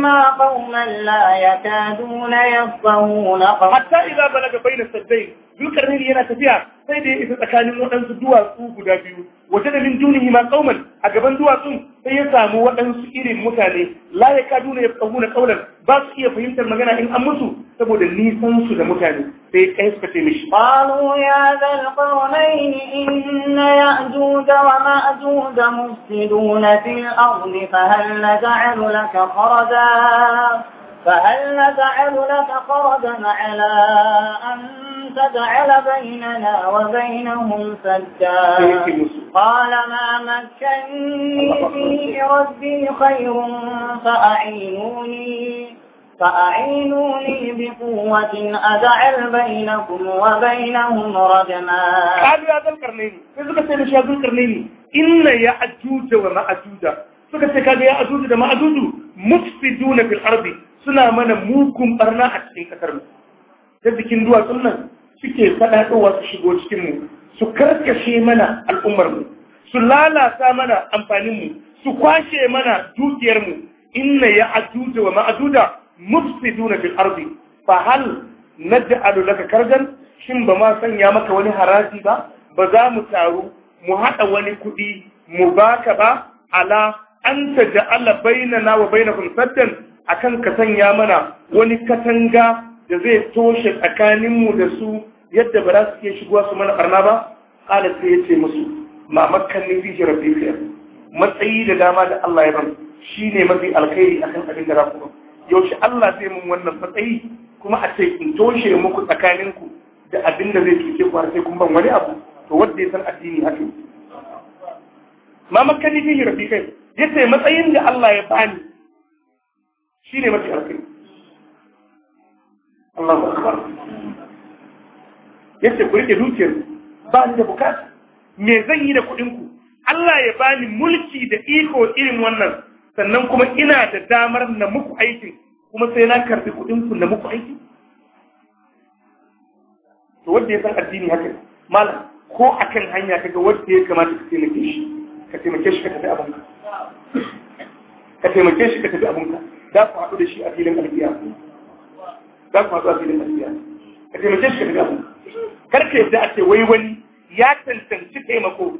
ma qauman la yakaduna yafqahuna hatta idza balagha bayna as-sajdayn dukkan yana tafiya sai da ya isa tsakanin waɗansu duwatsu guda biyu waje da min dunihi ma kauman a gaban duwatsun sai ya samu waɗansu irin mutane la ya kadu ya tsahu na kaulan ba su iya fahimtar magana in an musu saboda nisan su da mutane sai ya kai suka ce mishi qalu ya zal qawlain inna ya'juj wa ma'juj mufsiduna fil ardi fa hal naj'alu laka kharaja فهل نجعل لك خرجا على أن تجعل بيننا وبينهم سدا قال ما مكني فيه ربي خير فأعينوني فأعينوني بقوة أجعل بينكم وبينهم رجما قالوا يا ذا القرنين إذا قلت يا ذا القرنين إن يأجوج ومأجوج فقلت يا أجوج ومأجوج مفسدون في الأرض suna mana mugun barna a cikin kasar mu ta jikin duwatsun nan suke faɗaɗowa su shigo cikin mu su karkashe mana al'ummar mu su lalata mana amfanin mu su kwashe mana dukiyar mu inna ya ajuda wa ma'ajuda mufsiduna fil ardi fa hal naj'alu laka kardan shin ba ma sanya maka wani haraji ba ba za mu taru mu haɗa wani kuɗi mu baka ba ala an ta ja'ala bainana wa bainakum saddan akan ka sanya mana wani katanga da zai toshe tsakaninmu da su yadda ba za su iya shigowa su mana barna ba kala sai ya ce musu ma makannin fi shirafifiya matsayi da dama da Allah ya ban shi ne mafi alkhairi akan abin da za ku yaushe Allah zai mun wannan matsayi kuma a ce in toshe muku tsakaninku da abin da zai cuce ku har sai kun ban wani abu to wanda ya san addini haka ma makannin fi Ya ce matsayin da Allah ya bani shi ne mafi harfi Allah ba akbar yace ku rike dukiyar ba ni da bukata me zan yi da kuɗin ku Allah ya bani mulki da iko irin wannan sannan kuma ina da damar na muku aikin kuma sai na karbi kuɗin ku na muku aikin to wanda ya san addini haka malam ko akan hanya kaga wanda ya kamata ka taimake shi ka taimake shi ka tafi abunka ka taimake shi ka tafi abunka za ku haɗu da shi a filin alfiya za ku haɗu a filin alfiya ka taimake shi ka tafi abu kar ka yadda a ce wai wani ya tantance taimako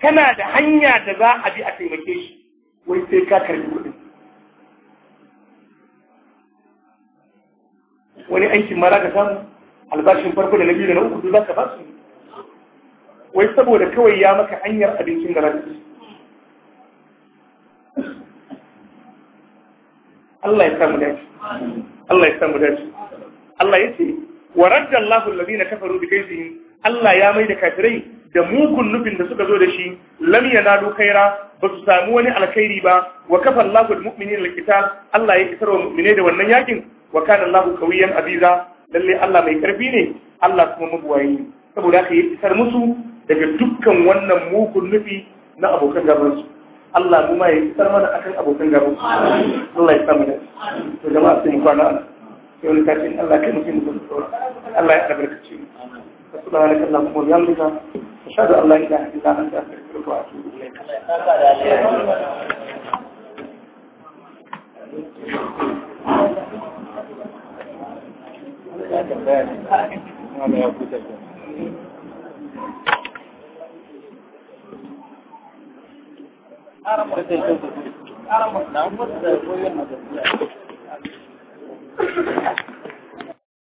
kana da hanya da za a bi a taimake shi wai sai ka karbi kuɗin wani aikin mara ka samu albashin farko da na biyu da na uku za ka ba su wai saboda kawai ya maka hanyar abincin da za rana Allah ya samu dace Allah ya samu dace Allah ya ce wa radda Allahu alladhina kafaru bi kaydihim Allah ya mai da kafirai da mugun nufin da suka zo da shi lam yanalu khaira ba su samu wani alkhairi ba wa kafa Allahu almu'minina alqital Allah ya isar wa mu'mine da wannan yakin wa kana Allahu qawiyan aziza lalle Allah mai karfi ne Allah kuma mabuwayi saboda haka ya isar musu daga dukkan wannan mugun nufi na abokan gabansu Allah kuma ya isar mana akan abokan gaba. Allah ya samu da to jama'a sai mu kwana sai wani Allah kai mutum tsoro Allah ya albarkace mu Thank you.